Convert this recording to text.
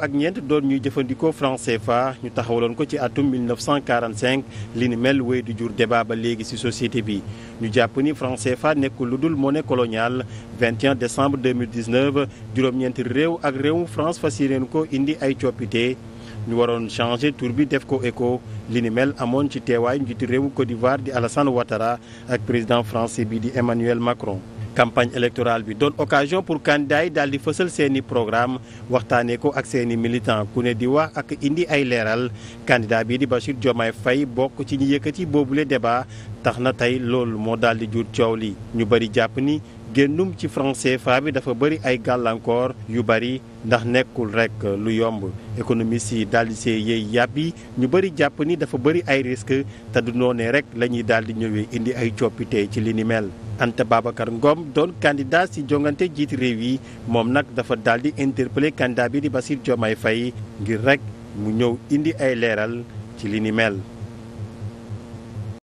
ak ñeent doon ñuy jëfandikoo franc fa ñu taxawaloon ko ci atum 1945 li ni mel wéy di jur débat ba léegi ci société bi ñu jàpp ni franc fa nekkul lu dul monnaie coloniale 21 décembre 2019 juróom-ñeenti réew ak réew France fas yéeneen ko indi ay coppite ñu waroon changé tur bi def ko éco li ni mel amoon ci teewaay njiitu réewu Côte d'Ivoire di Alassane Ouattara ak président français bi di Emmanuel Macron. campagne électorale bi doon occasion pour candidat yi daal di fësal seeni i programme waxtaanee ko ak seeni i ku ne di wax ak indi ay leeral candidat bii di Bassirou Diomaye Faye bokk ci ñi boobu boobule débat tax na tey loolu moo daal di jur coow li ñu bëri jàpp ni génnum ci franc CFA bi dafa bëri ay gàllankoor yu bëri ndax nekkul rek lu yomb économistes yi daal di see yëy yàpp yi ñu bëri jàpp ni dafa bëri ay risques te du noonee rek la daal di ñëwee indi ay coppite ci li ni mel. Anta Babacar Ngom doon candidat si jongante jiiti réew yi moom nag dafa daal di interpellé candidat bi di Bassirou Diomaye fay ngir rek mu ñëw indi ay leeral ci li ni mel.